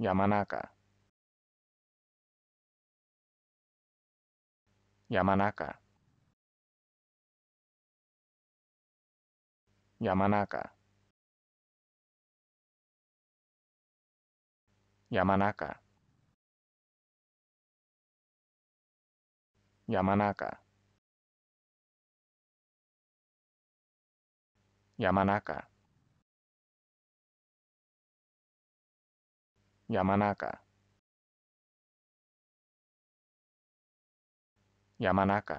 Yamanaka Yamanaka Yamanaka Yamanaka Yamanaka Yamanaka Yamanaka Yamanaka